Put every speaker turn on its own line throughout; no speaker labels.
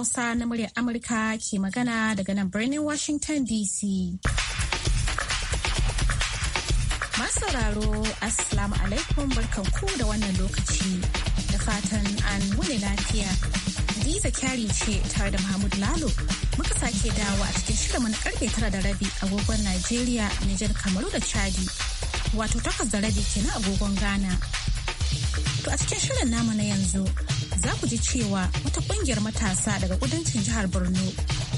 Hausa na muryar Amurka ke magana daga nan birnin Washington DC. sauraro Assalamu alaikum barkanku da wannan lokaci da fatan an wune lafiya. diza kyari ce tare da Mahmud Lalo muka sake dawo a cikin shirin karfe tara da rabi agogon Najeriya, Nijar, Kamaru da Chadi. Wato takwas da rabi kenan agogon Ghana. To a cikin shirin namu na yanzu za ku ji cewa wata kungiyar matasa daga kudancin jihar Borno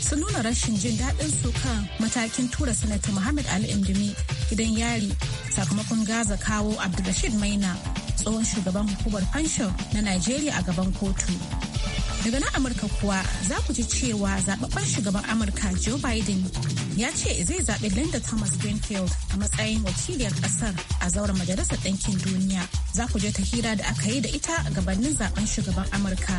sun nuna rashin jin daɗin su kan matakin tura sanata Muhammad Ali Indimi gidan yari sakamakon gaza kawo Abdulrashid Maina tsohon shugaban hukumar fansho na Najeriya a gaban kotu. daga nan amurka kuwa za ku ji cewa zababben shugaban amurka joe biden ya ce zai zaɓi linda thomas greenfield a matsayin wakiliyar ƙasar a zauren majalisar ɗinkin duniya za ku je ta hira da aka yi da ita a gabanin zaben shugaban amurka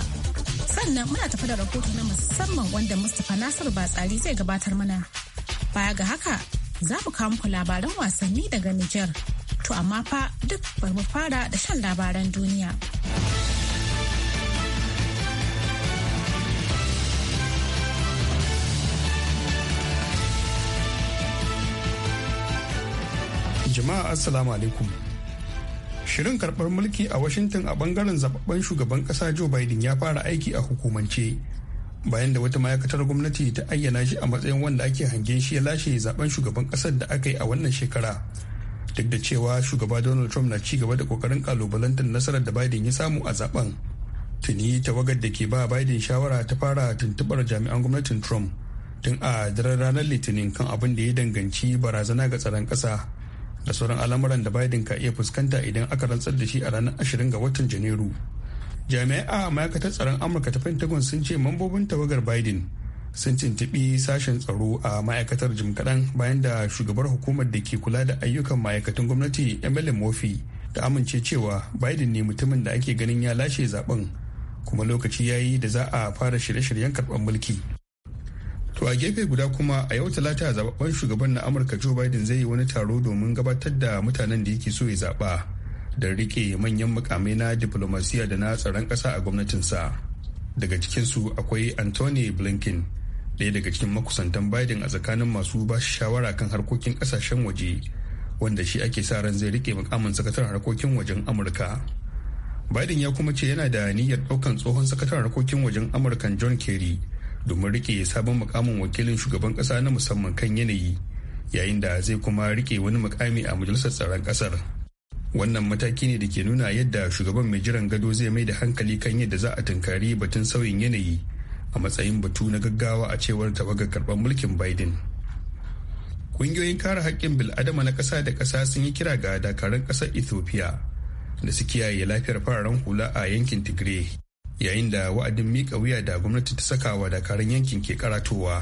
sannan muna tafi da rahoto na musamman wanda mustapha nasir batsari zai gabatar mana baya ga haka za mu kawo muku labaran wasanni daga nijar to amma fa duk bari mu fara da shan labaran duniya.
jama'a assalamu alaikum shirin karɓar mulki a washington a bangaren zababben shugaban ƙasa joe biden ya fara aiki a hukumance bayan da wata ma'aikatar gwamnati ta ayyana shi a matsayin wanda ake hangen shi ya lashe zaben shugaban ƙasar da aka yi a wannan shekara duk da cewa shugaba donald trump na ci gaba da kokarin kalubalantar nasarar da biden ya samu a zaben tuni tawagar da ke ba biden shawara ta fara tuntubar jami'an gwamnatin trump tun a daren ranar litinin kan abin da ya danganci barazana ga tsaron ƙasa da sauran al'amuran da Biden ka iya fuskanta idan aka rantsar da shi a ranar 20 ga watan Janairu. Jami'ai a ma'aikatar tsaron Amurka ta Pentagon sun ce mambobin tawagar Biden sun tintibi sashen tsaro a ma'aikatar jim kaɗan bayan da shugabar hukumar da ke kula da ayyukan ma'aikatan gwamnati Emily Murphy ta amince cewa Biden ne mutumin da ake ganin ya lashe zaben kuma lokaci ya yi da za a fara shirye-shiryen karɓar mulki. To a gefe guda kuma a yau talata zababben shugaban na Amurka Joe Biden zai yi wani taro domin gabatar da mutanen da yake so ya zaba da rike manyan mukamai na diplomasiya da na tsaron ƙasa a gwamnatinsa. Daga cikinsu akwai Anthony Blinken, daya daga cikin makusantan Biden a tsakanin masu ba shawara kan harkokin kasashen waje, wanda shi ake sa ran zai rike mukamin sakataren harkokin wajen Amurka. Biden ya kuma ce yana da niyyar ɗaukan tsohon sakataren harkokin wajen Amurkan John Kerry domin rike sabon mukamin wakilin shugaban kasa na musamman kan yanayi yayin da zai kuma rike wani mukami a majalisar tsaron kasar wannan mataki ne da ke nuna yadda shugaban mai jiran gado zai mai da hankali kan yadda za a tunkari batun sauyin yanayi a matsayin batu na gaggawa a cewar tawagar karɓar mulkin biden ƙungiyoyin kare haƙƙin bil'adama na ƙasa da ƙasa sun yi kira ga dakarun ƙasar ethiopia da su kiyaye lafiyar fararen hula a yankin tigray yayin da wa'adin miƙa wuya da gwamnati ta saka wa dakarun yankin ke karatowa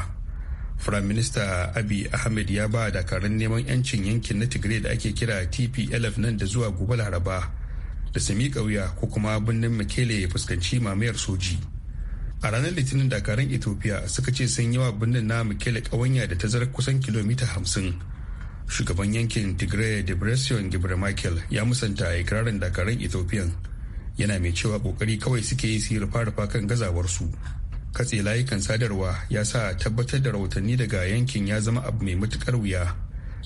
firayim minista abi ahmed ya ba dakarun neman yancin yankin na tigray da ake kira tplf nan da zuwa gobe laraba da su miƙa wuya ko kuma birnin mekele ya fuskanci mamayar soji a ranar litinin dakarun ethiopia suka ce sun yi wa birnin na mekele ƙawanya da tazarar kusan kilomita hamsin shugaban yankin tigray debresion Michael ya musanta ikirarin dakarun ethiopian yana mai cewa kokari kawai suke yi su rufa-rufa kan gazawarsu katse layukan sadarwa ya sa tabbatar da rahotanni daga yankin ya zama abu mai matukar wuya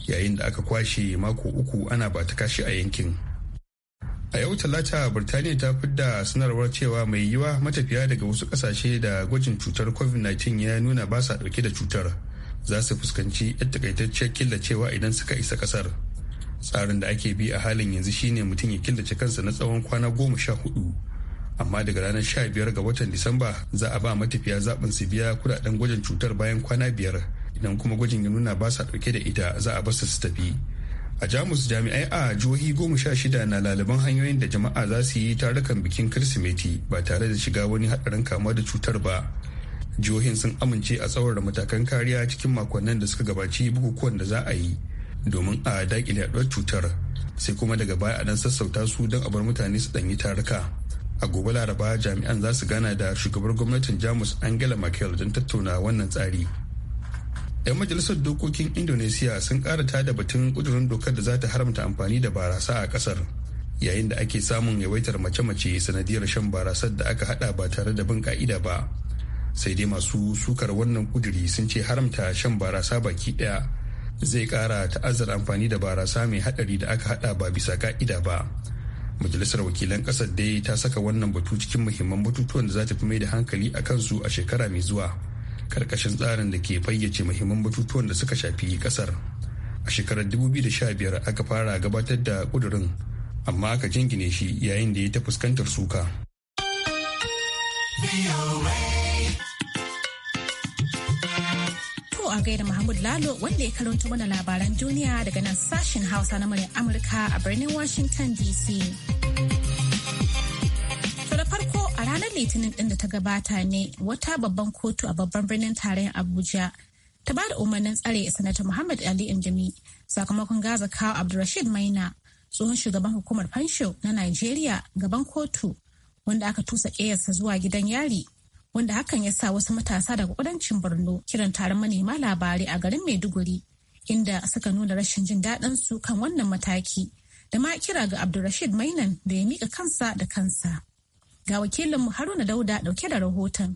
yayin da aka kwashe mako uku ana ba ta kashi a yankin a yau talata birtaniya ta da sanarwar cewa mai yiwa matafiya daga wasu kasashe da gwajin cutar covid-19 ya nuna ba sa dauke da cutar za su fuskanci yadda takaitacciyar killacewa idan suka isa kasar tsarin da ake bi a halin yanzu shine mutum ya killace kansa na tsawon kwana goma sha hudu amma daga ranar sha biyar ga watan disamba za a ba matafiya zaɓin su biya kudaden gwajin cutar bayan kwana biyar idan kuma gwajin ya nuna ba sa ɗauke da ita za a basu su tafi a jamus jami'ai a jihohi goma sha shida na laliban hanyoyin da jama'a za su yi tarukan bikin kirsimeti ba tare da shiga wani haɗarin kamuwa da cutar ba jihohin sun amince a tsawar matakan kariya cikin makonnin da suka gabaci bukukuwan da za a yi domin a daƙile yaduwar cutar sai kuma daga baya a dan sassauta su don a bar mutane su ɗanyi taruka a gobe laraba jami'an za su gana da shugabar gwamnatin jamus angela merkel don tattauna wannan tsari 'yan majalisar dokokin indonesiya sun kara tada batun ƙudurin dokar da za ta haramta amfani da barasa a ƙasar yayin da ake samun yawaitar mace-mace sanadiyar shan barasar da aka hada ba tare da bin ka'ida ba sai dai masu sukar wannan kuduri sun ce haramta shan barasa baki ɗaya. zai kara ta'azzara amfani da barasa mai hadari da aka hada ba bisa ka'ida ba majalisar wakilan kasar dai ta saka wannan batu cikin muhimman batutuwan da za ta fi mai da hankali a kansu a shekara mai zuwa karkashin tsarin da ke fayyace muhimman batutuwan da suka shafi kasar a shekarar 2015 aka fara gabatar da kudurin amma aka jingine shi yayin da ya ta fuskantar suka.
a gaida Muhammad Lalo wanda ya karanto mana labaran duniya daga nan sashen Hausa na muryar Amurka a birnin Washington DC. To farko a ranar Litinin din da ta gabata ne wata babban kotu a babban birnin tarayyar Abuja ta ba da umarnin tsare sanata Muhammad Ali Indimi sakamakon gaza kawo Abdulrashid Maina tsohon shugaban hukumar fansho na Najeriya gaban kotu wanda aka tusa ƙeyarsa zuwa gidan yari wanda hakan ya sa wasu matasa daga kudancin borno kiran taron manema labarai a garin maiduguri inda suka nuna rashin jin daɗin su kan wannan mataki da ma kira ga abdulrashid mainan da ya mika kansa da kansa ga wakilinmu haruna dauda dauke da rahoton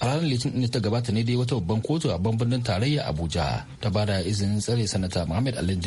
a ranar litinin da ta gabata ne dai wata babban kotu a birnin tarayya abuja ta bada izinin tsare sanata muhammad alin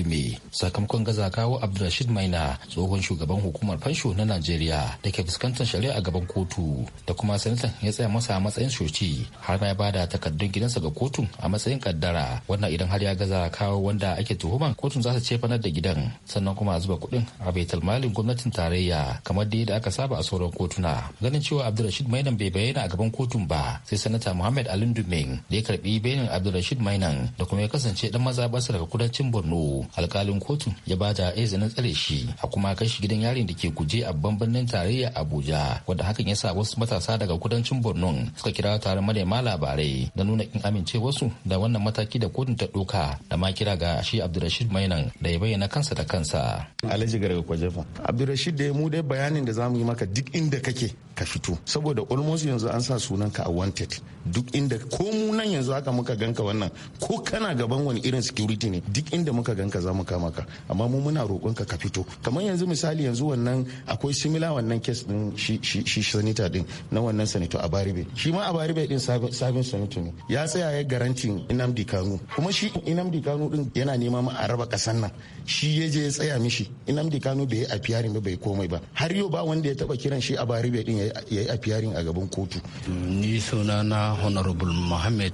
sakamakon gaza kawo abdulrashid maina tsohon shugaban hukumar fansho na najeriya da ke fuskantar shari'a a gaban kotu da kuma sanatan ya tsaya masa a matsayin soci har ma ya bada takardun gidansa ga kotun a matsayin kaddara wannan idan har ya gaza kawo wanda ake tuhuman kotun za ta ce fanar da gidan sannan kuma a zuba kuɗin a baitul malin gwamnatin tarayya kamar da aka saba a sauran kotuna ganin cewa abdulrashid maina bai bayyana a gaban kotun ba sai sanata muhammad alin dumeng da ya karbi benin abdulrashid mainan da kuma ya kasance dan maza basa daga kudancin borno alkalin kotu ya ba da izinin tsare shi a kuma kai shi gidan yarin da ke guje a bambannin birnin tarayya abuja wanda hakan ya sa wasu matasa daga kudancin borno suka kira taron manema labarai da nuna kin amincewarsu da wannan mataki da kotun ta doka da ma kira ga shi abdulrashid mainan da ya bayyana kansa da kansa alhaji garga kwajefa
abdulrashid da mu dai bayanin da zamu yi maka duk inda kake ka fito saboda almost yanzu an sa sunan ka a wanted duk inda ko mu nan yanzu haka muka ganka wannan ko kana gaban wani irin security ne duk inda muka ganka za mu kama ka amma mu muna roƙon ka ka fito kamar yanzu misali yanzu wannan akwai similar wannan case din shi shi din na wannan sanito abaribe shi ma abaribe din sabin senator ne ya tsaya ya garantin inamdi kanu kuma shi inamdi kanu din yana nema ma a raba kasan nan shi ya je ya tsaya mishi inamdi kanu bai yi a fiyarin ba bai komai ba har yau ba wanda ya taba kiran shi abaribe din ya
yi fiyarin a gaban kotu. Ni sunana Honorable Mohammed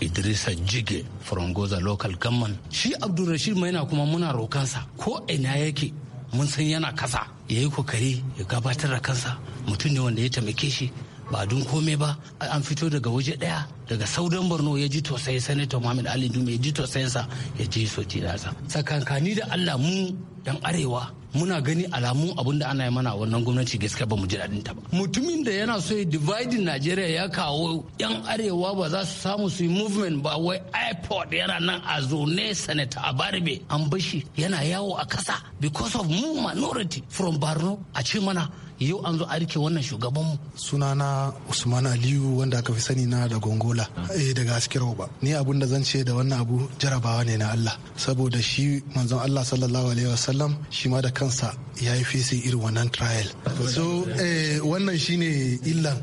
Idrisa Jige from Goza Local gamman Shi Abdulrashid na kuma muna rokansa ko ina yake mun san yana kasa ya yi kokari ya gabatar da kansa mutum ne wanda ya taimake shi ba dun komai ba an fito daga waje daya daga saudan borno ya ji tosai sanato muhammad ali dume ya ji sa, ya ji sotina sa. tsakankani da allah mu dan arewa muna gani alamu abin da ana yi mana wannan gwamnati gaskiya ba mu ji daɗin ta ba mutumin da yana so ya dividing Najeriya ya kawo yan arewa ba za su samu su yi movement ba wai airport yana nan a zone senator Abarbe an bashi yana yawo a kasa because of mu minority from Borno a ce mana yau an zo a rike wannan shugaban
mu sunana usman aliyu wanda aka fi sani na da gongola eh daga askira ba ni abun da zan ce da wannan abu jarabawa ne na Allah saboda shi manzon Allah sallallahu alaihi wasallam shi ma da kansa ya yi fesin irin wannan trial so eh wannan shine illan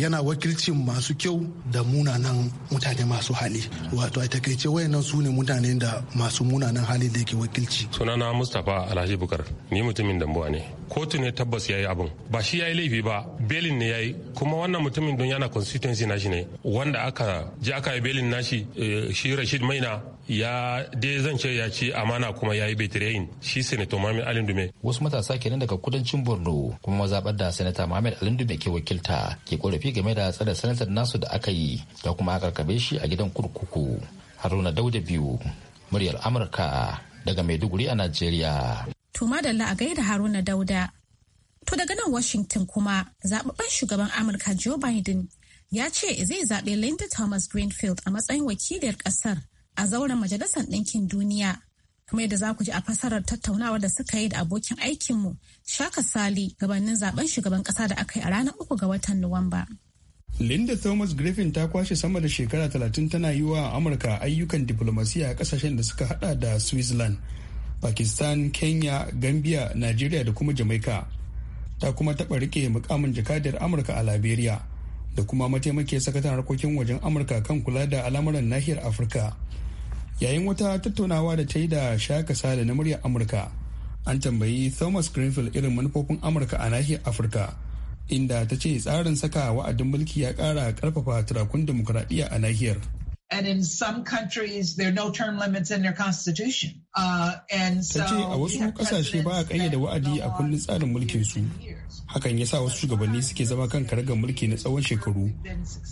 yana wakilcin masu kyau da munanan mutane masu hali wato a takaice wayannan su ne mutane da masu munanan hali da yake wakilci
sunana mustapha alhaji bukar ni mutumin dambuwa ne kotu ne tabbas ya yi abin ba shi ya yi laifi ba belin ne yayi kuma wannan mutumin don yana constituency nashi ne wanda aka je aka yi belin nashi eh, shi Rashid Maina ya dai zan ce ya ci amana kuma ya yi shi senator Mohamed alindume
Wasu matasa kenan daga kudancin Borno kuma mazaɓar da senator Mohamed alindume ke wakilta ke korafi game da tsare senator nasu da aka yi da kuma aka karkabe shi a gidan kurkuku. Haruna Dauda biyu muryar Amurka daga Maiduguri a Najeriya.
To madalla a gaida Haruna Dauda. To daga nan Washington kuma zaɓaɓɓen shugaban Amurka Joe Biden ya ce zai zaɓe Linda Thomas Greenfield a matsayin wakiliyar ƙasar a zauren Majalisar Ɗinkin Duniya. Kuma yadda za ku ji a fasarar tattaunawar da suka yi da abokin aikinmu Shaka Sali gabanin zaɓen shugaban ƙasa da aka yi a ranar uku ga watan Nuwamba.
Linda Thomas Griffin ta kwashe sama da shekara talatin tana yi wa Amurka ayyukan diplomasiya a kasashen da suka hada da Switzerland, pakistan kenya gambia nigeria da kuma jamaica ta kuma taɓa rike mukamin jakadiyar amurka a liberia da kuma mataimakiyar sakataren harkokin wajen amurka kan kula da al'amuran nahiyar afirka yayin wata tattaunawa da ta yi da shaka sada na muryar amurka an tambayi thomas greenfield irin manufofin amurka a nahiyar afirka inda ta ce tsarin saka wa'adin mulki ya ƙara karfafa turakun demokuraɗiyya a nahiyar
and in some countries there are no term limits in their constitution. Uh, and so a wasu
kasashe ba a kayyade wa'adi a kullum tsarin mulkin su. Hakan ya sa wasu shugabanni suke zama kan karagar mulki na tsawon shekaru.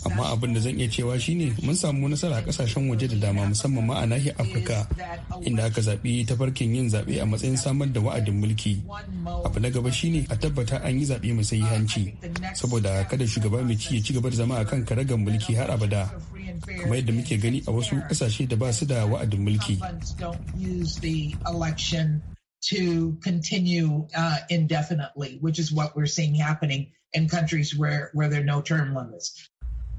Amma abin da zan iya cewa shine mun samu nasara a kasashen waje da dama musamman ma a nahiyar Afirka inda aka zaɓi tafarkin yin zaɓe a matsayin samar da wa'adin mulki. Abu na gaba shine a tabbata an yi zaɓe mai hanci saboda kada shugaba mai ci ya ci gaba da zama a kan karagar mulki har abada. kamar yadda muke gani a wasu ƙasashe da ba su da wa'adin mulki.
To continue uh, indefinitely, which is what we're seeing happening in countries where, where there are no term limits.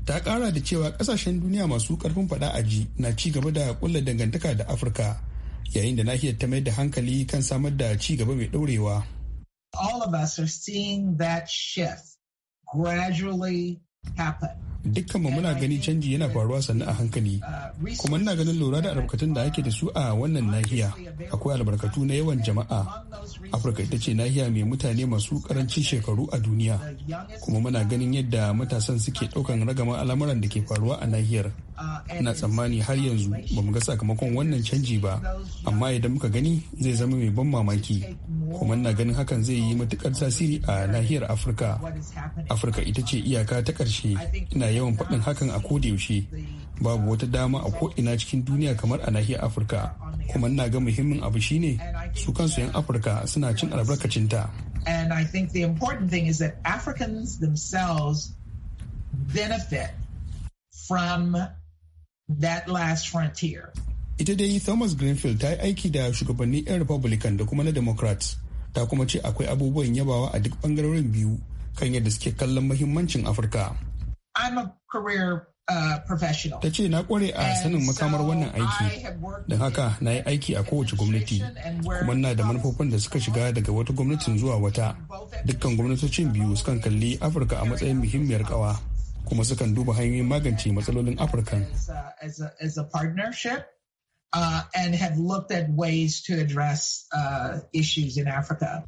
ta ƙara da cewa ƙasashen duniya masu karfin fada aji na ci gaba da ƙulla dangantaka da afirka yayin da nahiyar ta mai da hankali kan samar da ci gaba mai ɗorewa all of us are seeing that shift gradually dukkan mu muna gani canji yana faruwa sannu a hankali kuma ina ganin lura da albarkatun da ake da su a wannan nahiya akwai albarkatu na yawan jama'a afirka ita ce nahiya mai mutane masu karancin shekaru a duniya kuma muna ganin yadda matasan suke daukan ragaman al'amuran da ke faruwa a nahiyar ina tsammani har yanzu ba mu ga sakamakon wannan canji ba amma idan muka gani zai zama mai ban mamaki kuma ina ganin hakan zai yi matukar tasiri a nahiyar afirka afirka ita ce iyaka ta ƙarshe ina yawan faɗin hakan a yaushe babu wata dama a ko'ina cikin duniya kamar a nahiyar afirka kuma ina ga muhimmin abu shine su kansu 'yan afirka suna cin albarkacinta
And I think the important thing is that Africans
themselves benefit from that last frontier.
Ita dai Thomas Greenfield ta yi aiki da shugabannin 'yan Republican da kuma na Democrats ta kuma ce akwai abubuwan yabawa a duk bangarorin biyu kan yadda suke kallon mahimmancin Afirka.
I'm a career uh, Ta
ce na kware a sanin makamar wannan aiki, don haka na yi aiki a kowace gwamnati, kuma na da manufofin da suka shiga daga wata gwamnatin zuwa wata. Dukkan gwamnatocin biyu sukan kalli Afirka a matsayin muhimmiyar kawa. kuma sukan duba hanyoyin magance matsalolin afirka
uh, to uh,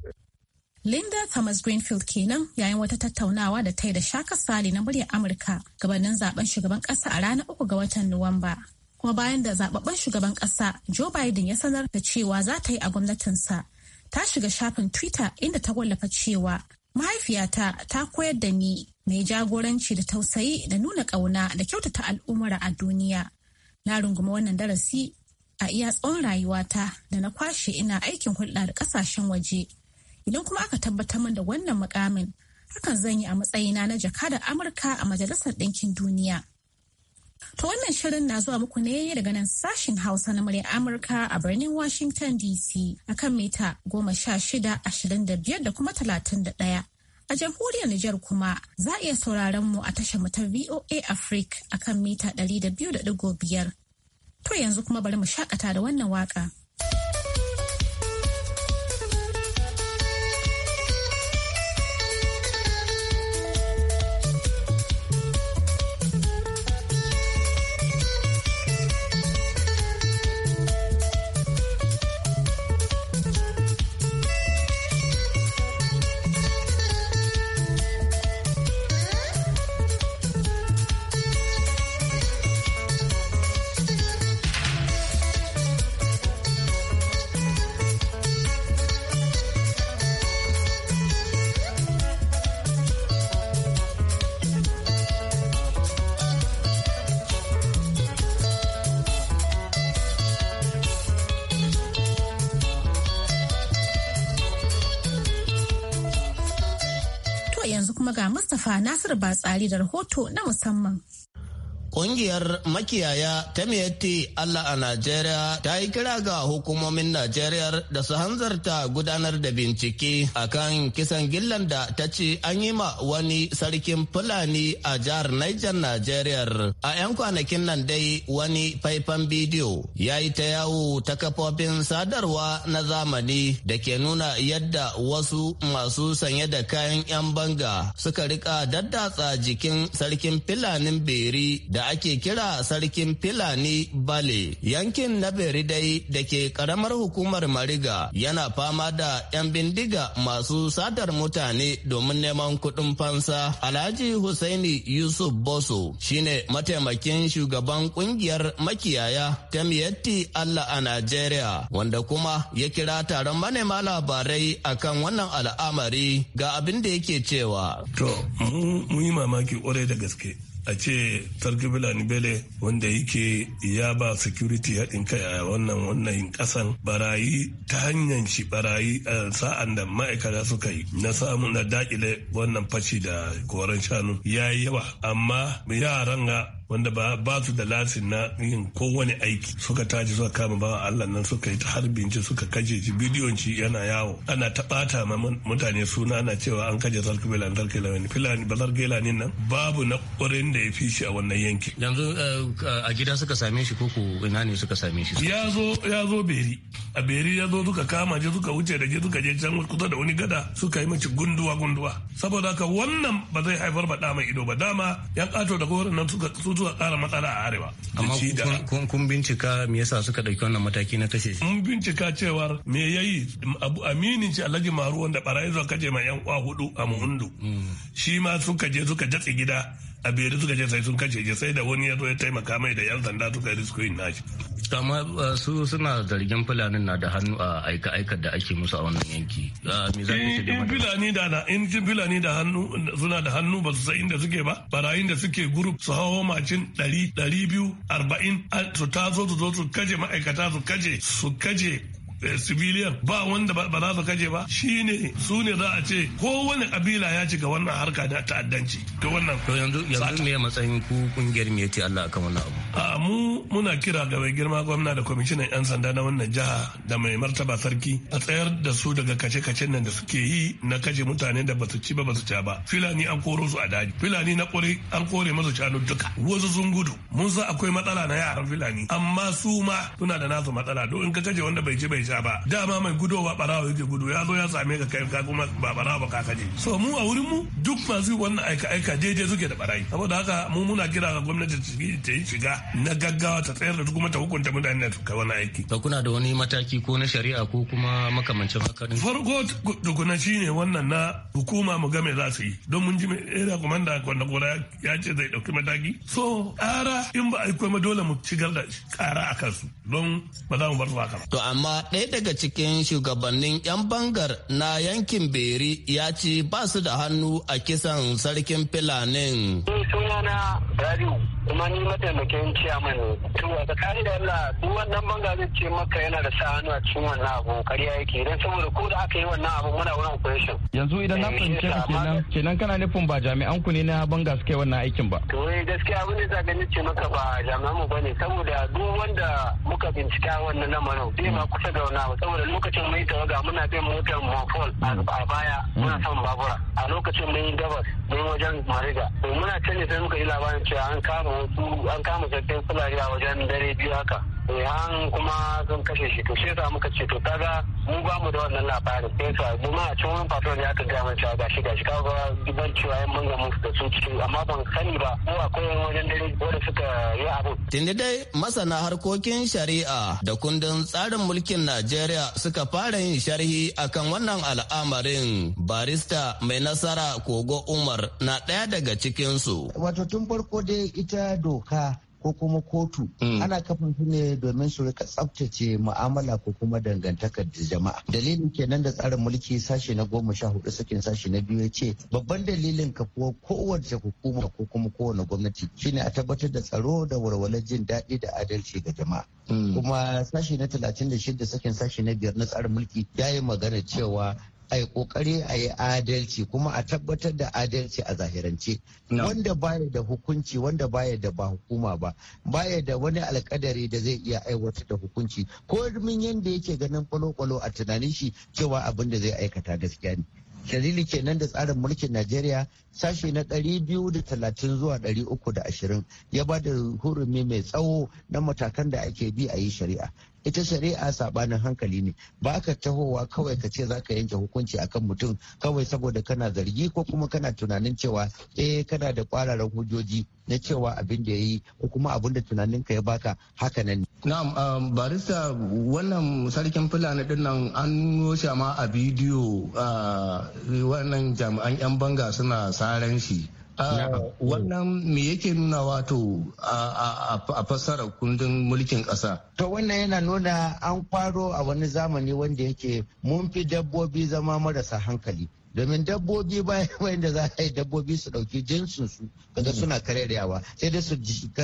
Linda Thomas Greenfield kenan yayin wata tattaunawa da ta yi da Shaka Sali na muryar Amurka gabanin zaben shugaban ƙasa a ranar uku ga watan Nuwamba. Kuma bayan da zababben shugaban ƙasa, Joe Biden ya sanar da cewa za ta yi a gwamnatinsa, ta shiga shafin Twitter inda ta wallafa cewa Mahaifiyata ta koyar da ni mai jagoranci da tausayi da nuna ƙauna da kyautata al'umma a duniya. Na rungumi wannan darasi a iya tsawon rayuwata da na kwashe ina aikin hulɗa da ƙasashen waje. Idan kuma aka tabbatar min da wannan mukamin, hakan zan yi a matsayina na jakadar Amurka a Majalisar Ɗinkin Duniya. To wannan shirin na zuwa muku ne daga nan sashin Hausa na murya Amurka a birnin Washington DC akan mita goma sha shida ashirin da biyar da kuma talatin da ɗaya. A jamhuriyar Nijar kuma za a iya sauraron mu a tashar ta VOA Africa akan mita ɗari da biyu da ɗigo To yanzu kuma bari mu shakata da wannan waka. Mustapha Nasiru Batsari da rahoto na musamman.
Kungiyar makiyaya ta miyatti Allah a Najeriya ta yi kira ga hukumomin Najeriya da su hanzarta gudanar da bincike akan kisan gillan da ta ce an yi ma wani sarkin Fulani a jihar Niger Najeriya. A 'yan kwanakin nan dai wani faifan bidiyo ya yi ta yawo ta kafofin sadarwa na zamani da ke nuna yadda wasu masu sanye da kayan 'yan banga suka rika daddatsa jikin sarkin Fulanin Beri da ake kira sarkin Filani Bale. Yankin na Beridai da ke karamar hukumar Mariga yana fama da 'yan bindiga masu satar mutane domin neman kuɗin fansa. Alhaji Hussaini Yusuf Boso shine mataimakin shugaban ƙungiyar makiyaya ta Miyatti Allah a Najeriya wanda kuma ya kira taron manema labarai akan wannan al'amari ga abin da yake cewa.
To, mun yi mamaki kwarai da gaske. a ce targibila bele wanda yake ya ba security haɗin kai a wannan wannan ƙasan barayi ta hanyar shi barayi a sa'an da ma'aikata suka yi na samu na daƙile wannan fashi da koran shanu ya yi yawa amma yaran ga wanda ba su da lasin na yin kowane aiki suka taji suka kama ba Allah nan suka yi ta harbin ci suka kaje ji bidiyon ci yana yawo ana ta bata ma mutane suna ana cewa an kaje sarkubela an sarkubela lawani filani ba sarkubela nin nan babu na kurin da ya fi shi a wannan yankin. yanzu eh, a gida suka same shi koko ina ne suka same shi. ya zo ya zo beri a beri ya zo suka kama je suka wuce da je suka je can kusa da wani gada suka yi mace gunduwa gunduwa saboda haka wannan ba zai haifar ba dama ido ba dama yan kato da gorin nan suka zuwa kara matsala a arewa. Amma
kun bincika me yasa suka ɗauki wannan mataki na kashe shi?
Mun bincika cewar me ya yi abu aminin shi alhaji maru wanda barayi zuwa kaje ma yan uwa hudu a muhundu. Mm. Shi ma suka je suka jatsi gida a beri suka ce sai sun kace je sai da wani ya zo ya taimaka mai da yan sanda suka risko yin nashi
amma uh, su suna zargin fulanin na da hannu a aika aika da ake musu a
wannan yanki uh, eh, in fulani da na in jin fulani da hannu suna da hannu ba su san inda suke ba barayin da suke gurup su hawo macin ɗari ɗari biyu arba'in su taso su zo su kaje ma'aikata su kaje su kaje Eh, civilian ba wanda ba za su kaje ba shine su ne za a ce kowane kabila ya ci ga wannan harka da ta'addanci to wannan to yanzu yanzu
me matsayin ku kungiyar me yace Allah akan wannan abu
a mu muna kira ga mai girma gwamna da kwamishinan yan sanda na wannan jiha da mai martaba sarki a tsayar da su daga kace kace nan da suke yi na kaje mutane da basu ci ba basu ci ba filani an koro su a daji filani na kore an kore musu shanu duka wasu sun gudu mun san akwai matsala na yaran filani amma su ma suna da nasu matsala don in ka kaje wanda bai ci bai sha ba dama mai gudowa barawa yake gudu ya zo ya same ka kai ka kuma ba barawa ba ka kaje so mu a wurin mu duk masu wannan aika aika daidai suke da barayi saboda haka mu muna kira ga gwamnati ta yi shiga na gaggawa ta tsayar da kuma ta hukunta mutane da kai wani aiki
ba kuna da wani mataki ko na shari'a ko kuma makamancin haka
din farko tukuna shine wannan na hukuma mu game za su yi don mun ji era komanda wanda gora ya ce zai dauki mataki so ara in ba a yi kuma dole mu cigar da kara a kansu don ba za mu bar su haka
to amma ɗaya daga cikin shugabannin 'yan bangar na yankin beri ya ci ba su da hannu a kisan sarkin
filanin. sunana Rabiu kuma ni mataimakin ciyaman ne. To a tsakani da Allah duk wannan banga zai ce maka yana da sa hannu a cikin wannan abu ya yake idan saboda ko da aka yi wannan abu muna wurin operation.
Yanzu idan na eh, fahimce ka kenan kenan kana nufin ba jami'an ku ne na banga suka yi wannan aikin ba.
To eh gaskiya abin da za ka ce maka ba jami'an mu bane saboda duk wanda muka bincika wannan lamarin bai ma kusa da wannan abu saboda lokacin mai tawaga muna bin
motar Mofol a baya muna son babura a lokacin mai yi gabas mun wajen
Mariga. Muna can ne sai muka yi labarin cewa an kama wasu an kama sabbin fulani a wajen dare biyu haka an kuma sun kashe shi to sai muka ce to kaga mu ba mu da wannan labarin sai sa mu a cikin wani ya ka gama cewa ga shi kawo gidan cewa yan manya
mun da su cikin amma ban sani ba ko akwai wajen dare wanda suka yi abu tunda dai masana harkokin shari'a da kundin tsarin mulkin Najeriya suka fara yin sharhi akan wannan al'amarin barista mai nasara kogo Umar na ɗaya daga cikinsu.
Wato tun farko dai ita doka ko kuma kotu mm. ana kafin su ne domin su rika tsabtace mu'amala ko kuma dangantakar da jama'a dalilin kenan da tsarin mulki sashe na goma sha hudu sakin sashe na biyu ya ce babban dalilin kafuwa kowace hukuma ko kuma kowane gwamnati shine a tabbatar da tsaro da walwalar jin daɗi da adalci ga jama'a mm. kuma sashe na talatin da shida sakin sashe na biyar na tsarin mulki ya yi magana cewa a yi kokari a yi adalci kuma a tabbatar da adalci a zahirance wanda baya da hukunci wanda baya da ba hukuma ba baya da wani alkadari da zai iya aiwatar da hukunci ko min yanda yake ganin kwalo-kwalo a tunanin shi cewa abin da zai aikata gaskiya ne dalili kenan da tsarin mulkin Najeriya sashe na 230 zuwa 320 ya ba da hurumi mai tsawo na matakan da ake bi a yi shari'a ita shari'a sabanin hankali ne ba ka tahowa kawai ka ce zaka yanke hukunci akan mutum kawai saboda kana zargi ko kuma kana tunanin cewa eh kana da kwararan hujjoji na cewa abin da yayi ko kuma abin da tunanin ka ya baka haka nan
na'am um, barista wannan sarkin fulani din nan an nuna ma a bidiyo uh, wannan jami'an yan banga suna saran shi Ah, wannan me yake nuna wato a fassara kundin mulkin
ƙasa.
To wannan yana nuna an kwaro a wani zamani wanda yake mun fi dabbobi zama marasa hankali. domin dabbobi bayan da za a yi dabbobi su dauki jinsin su kaga suna karyarwa sai dai su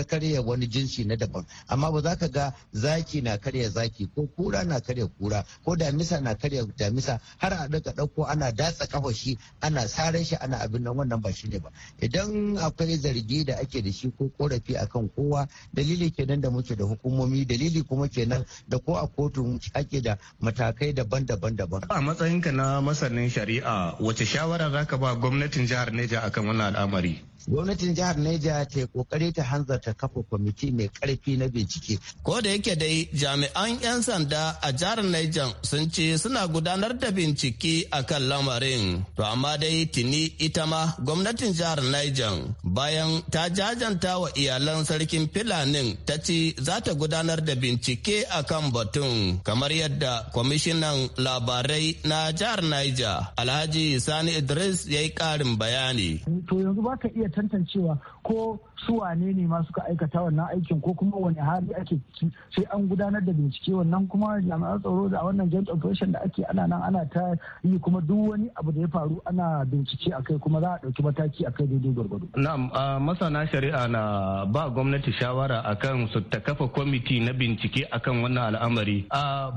karya wani jinsi na daban amma ba za ka ga zaki na karya zaki ko kura na karya kura ko damisa na karya damisa har a daga dauko ana datsa kafa shi ana sare shi ana abin nan wannan ba shi ne ba idan akwai zargi da ake da shi ko korafi akan kowa dalili kenan da muke da hukumomi dalili kuma kenan da ko a kotu ake da matakai daban-daban daban a
matsayinka na masanin shari'a wace shawara za ka ba gwamnatin jihar Neja akan wannan al'amari?
gwamnatin jihar Neja ta yi kokari ta hanzarta kafa kwamiti mai karfi na bincike.
Ko da yake dai jami'an 'yan sanda a jihar Neja sun ce suna gudanar da bincike a kan lamarin. To amma dai tuni ita ma gwamnatin jihar Neja bayan ta jajanta wa iyalan sarkin Filanin ta ce za ta gudanar da bincike a kan batun kamar yadda kwamishinan labarai na jihar Niger Alhaji Sani Idris ya yi ƙarin bayani.
To 甚至起火。ko su wane ne ma suka aikata wannan aikin ko kuma wani hali ake ciki sai an gudanar da bincike wannan kuma jami'an tsaro da wannan joint operation da ake ana nan ana ta yi kuma duk wani abu da ya faru ana bincike akai kuma za a ɗauki mataki akai daidai gwargwado. na'am
masana shari'a na ba gwamnati shawara akan su ta kafa kwamiti na bincike akan wannan al'amari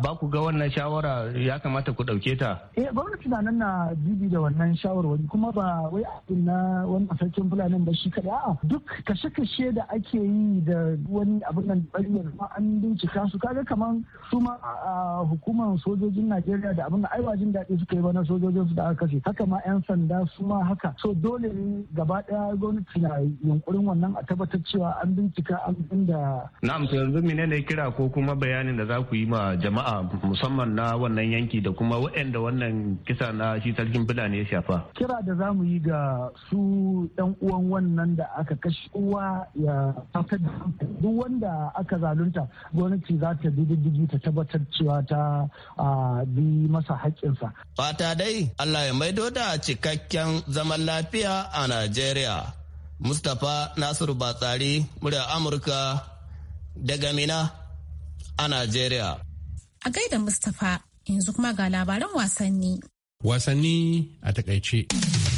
ba ku ga wannan shawara ya kamata ku ɗauke ta.
eh gwamnati na nan na bibi da wannan shawarwari kuma ba wai na wannan sarkin fulanin ba shi kaɗai a'a duk kashe-kashe da ake yi da wani abin nan bariyar ma an bincika su kaga kaman su ma a hukumar sojojin Najeriya da abin da ai jin daɗi suka yi ba na sojojin su da aka kashe haka ma 'yan sanda su ma haka so dole ne gaba ɗaya gwamnati na yunkurin wannan a tabbatar cewa an bincika an inda.
Na'am to yanzu menene kira ko kuma bayanin da za ku yi ma jama'a musamman na wannan yanki da kuma waɗanda wannan kisa na shi sarkin Fulani ya shafa.
Kira da za mu yi ga su ɗan uwan wannan da aka aka kashe uwa ya fatar da duk wanda aka zalunta gwamnati za ta bi diddigi ta tabbatar cewa ta bi masa haƙƙinsa.
Fata dai Allah ya maido da cikakken zaman lafiya a Najeriya. Mustapha Nasiru Batsari, murya Amurka daga Mina a Najeriya.
A gaida Mustapha yanzu kuma ga labaran wasanni.
Wasanni a takaice.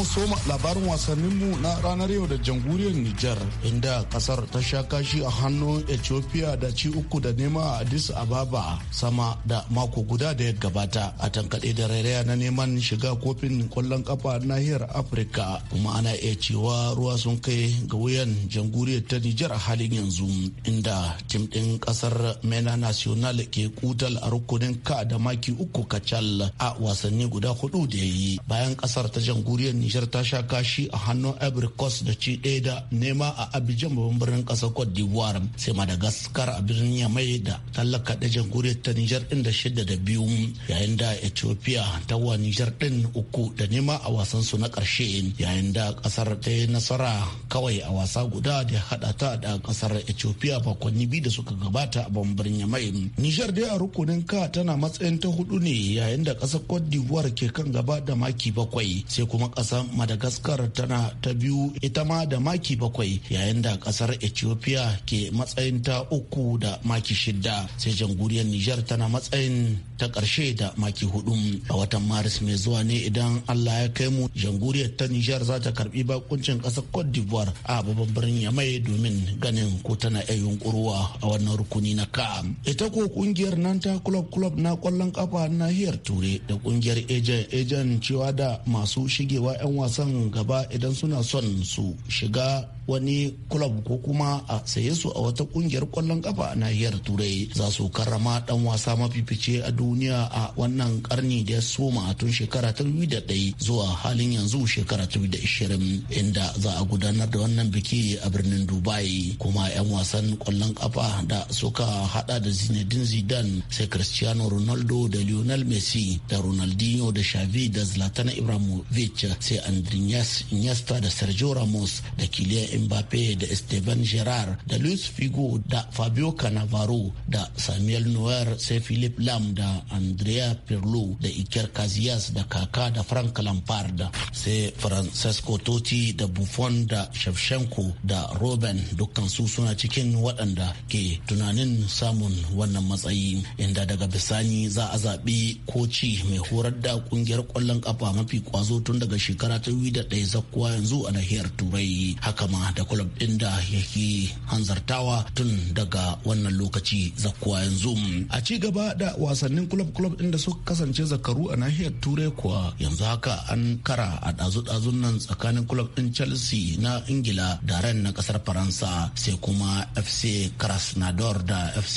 mu soma labarin mu na ranar yau da jamhuriyar Nijar inda kasar ta sha kashi a hannun Ethiopia da ci uku da nema a Addis Ababa sama da mako guda da ya gabata a tankaɗe da rairaya na neman shiga kofin kwallon kafa nahiyar Afirka kuma ana iya cewa ruwa sun kai ga wuyan jamhuriyar ta Nijar halin yanzu inda tim ɗin kasar Mena National ke kutal a rukunin ka da maki uku kacal a wasanni guda hudu da ya yi bayan kasar ta jamhuriyar Nijar ta sha kashi a hannun Ivory Coast da ci ɗaya da nema a Abidjan babban birnin ƙasar Cote d'Ivoire sai Madagascar a birnin Yamai da tallaka da jamhuriyar ta Nijar ɗin da shida da biyu yayin da Ethiopia ta wa Nijar ɗin uku da nema a wasan su na ƙarshe yayin da ƙasar ta yi nasara kawai a wasa guda da haɗa ta da ƙasar Ethiopia makonni biyu da suka gabata a bambarin Yamai. Nijar dai a rukunin ka tana matsayin ta hudu ne yayin da ƙasar Cote d'Ivoire ke kan gaba da maki bakwai sai kuma ƙasar madagaskar madagascar tana ta biyu ita ma da maki bakwai yayin da kasar ethiopia ke matsayin ta uku da maki shidda sai jamhuriyar niger tana matsayin ta karshe da maki hudu a watan maris mai zuwa ne idan allah ya kai mu jamhuriyar ta niger za ta karbi bakuncin kasar cote d'ivoire a babban birnin yamai domin ganin ko tana iya yunkuruwa a wannan rukuni na ka ita ko kungiyar nan ta club club na kwallon kafa nahiyar ture da kungiyar ejen ejen cewa da masu shigewa 'yan 'yan wasan gaba idan suna son su shiga wani club ko kuma a saye su a wata kungiyar kwallon kafa a nahiyar turai za su karrama dan wasa mafi fice a duniya a wannan karni da ya soma tun shekara ta ɗaya zuwa halin yanzu shekara ta ishirin inda za a gudanar da wannan biki a birnin dubai kuma 'yan wasan kwallon kafa da suka hada da zinedine zidane sai cristiano ronaldo da lionel messi da ronaldinho da xavi da zlatan ibrahimovic sai andrinyas iniesta da sergio ramos da kilian Mbappe da Steven Gerrard da Luis Figo da Fabio Cannavaro da Samuel Noir sai Philip Lam da Andrea Pirlo da Iker Casillas da Kaka da Frank Lampard sai Francesco Totti da Buffon da Shevchenko da Robin dukkansu suna cikin waɗanda ke tunanin samun wannan matsayi inda daga bisani za a zaɓi koci mai horar da ƙungiyar ƙwallon ƙafa mafi kwazo tun daga shekara ta da ɗaya zakkuwa yanzu a nahiyar turai haka ma da club din da yake hanzartawa tun daga wannan lokaci zakuwa yanzu a ci gaba da wasannin club club din da suka kasance zakaru a nahiyar turai kuwa yanzu haka an kara a dazu-dazun nan tsakanin club din chelsea na ingila da ren na kasar faransa sai kuma fc krasnodar da fc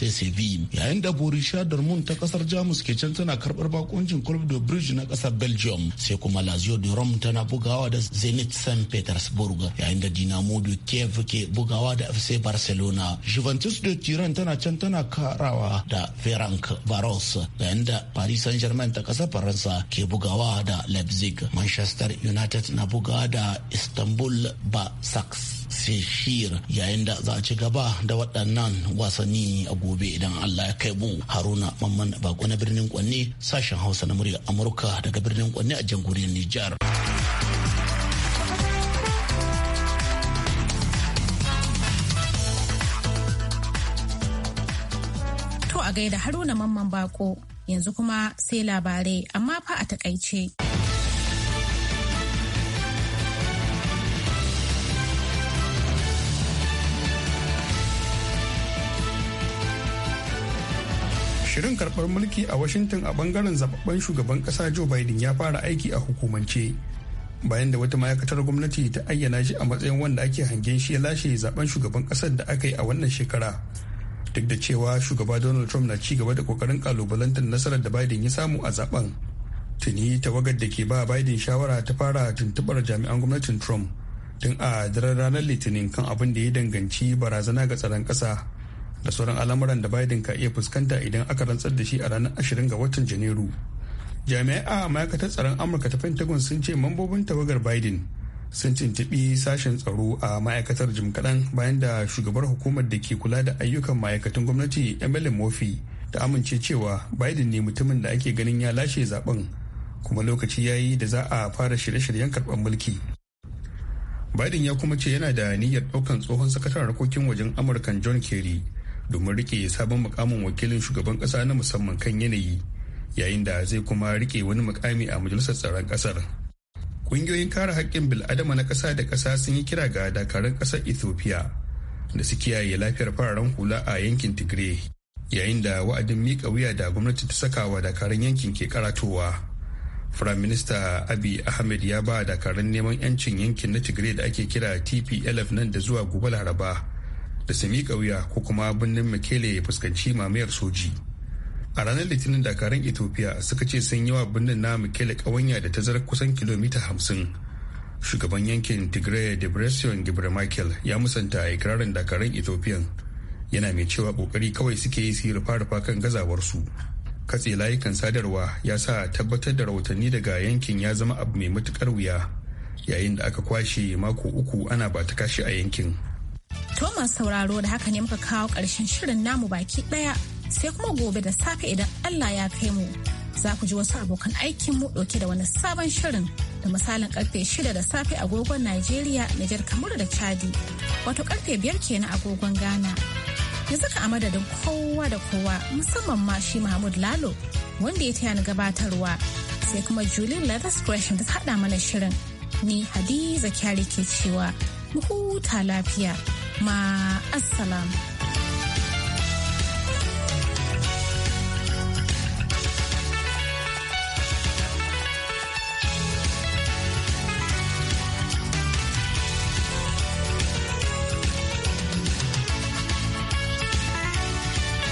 yayin da borussia dortmund ta kasar jamus ke can tana karbar bakuncin club de brige na kasar belgium sai kuma lazio de rome tana bugawa da zenit st petersburg yayin da dinamo Lokomodo Kiev ke bugawa da FC Barcelona. Juventus da Turin tana can tana karawa da Ferenc Varos da da Paris Saint-Germain ta kasar Faransa ke bugawa da Leipzig. Manchester United na buga da Istanbul Basaks. Seshir yayin da za a ci gaba da waɗannan wasanni a gobe idan Allah ya kai mu Haruna Mamman Bako na birnin Kwanne sashen Hausa na murya Amurka daga birnin Kwanne a jamhuriyar Nijar.
gaida haruna mamman bako yanzu kuma sai labarai amma fa a takaice.
shirin karɓar mulki a washington a bangaren zababben shugaban ƙasa joe biden ya fara aiki a hukumance bayan da wata ma'aikatar gwamnati ta ayyana shi a matsayin wanda ake hangen shi ya lashe zaben shugaban ƙasar da aka yi a wannan shekara duk da cewa shugaba donald trump na ci gaba da kokarin kalubalantar nasarar da biden ya samu a zaben tuni tawagar da ke ba biden shawara ta fara tuntubar jami'an gwamnatin trump tun a daren ranar litinin kan abin da ya danganci barazana ga tsaron kasa da sauran al'amuran da biden ka iya fuskanta idan aka rantsar da shi a ranar ashirin ga watan janairu jami'ai a ma'aikatar tsaron amurka ta pentagon sun ce mambobin tawagar biden sun tuntuɓi sashen tsaro a ma'aikatar jim kaɗan bayan da shugabar hukumar da ke kula da ayyukan ma'aikatan gwamnati emily murphy ta amince cewa biden ne mutumin da ake ganin ya lashe zaben kuma lokaci ya yi da za a fara shirye-shiryen karɓar mulki biden ya kuma ce yana da niyyar ɗaukan tsohon sakataren harkokin wajen amurkan john kerry domin rike sabon mukamin wakilin shugaban ƙasa na musamman kan yanayi yayin da zai kuma rike wani mukami a majalisar tsaron ƙasar ƙungiyoyin kare haƙƙin bil'adama na ƙasa da ƙasa sun yi kira ga dakarun ƙasar ethiopia da su kiyaye lafiyar fararen hula a yankin tigray yayin da wa'adin miƙa wuya da gwamnati ta saka wa dakarun yankin ke karatowa firayim minista abi ahmed ya ba dakarun neman yancin yankin na tigray da ake kira tplf nan da zuwa gobe laraba da su miƙa wuya ko kuma birnin mekele ya fuskanci mamayar soji a ranar litinin dakarun ethiopia suka ce sun yi wa birnin na mikele kawanya da zara kusan kilomita hamsin shugaban yankin tigray da gibra michael ya musanta a ikirarin dakarun ethiopian yana mai cewa kokari kawai suke yi su yi rufa-rufa kan gazawarsu katse layukan sadarwa ya sa tabbatar da rahotanni daga yankin ya zama abu mai matukar wuya yayin da aka kwashe mako uku ana ba ta kashi a yankin.
Thomas sauraro da haka ne muka kawo ƙarshen shirin namu baki ɗaya sai kuma gobe da safe idan Allah ya kai mu za ku ji wasu abokan aikin mu ɗauke da wani sabon shirin da misalin karfe shida da safe agogon Najeriya, Niger Kamaru da Chadi, wato karfe biyar kenan agogon Ghana. Yanzu ka a madadin kowa da kowa musamman ma shi Mahmud Lalo wanda ya taya ni gabatarwa sai kuma Julie Leather Gresham ta haɗa mana shirin. Ni Hadiza Kyari ke cewa mu huta lafiya ma assalamu.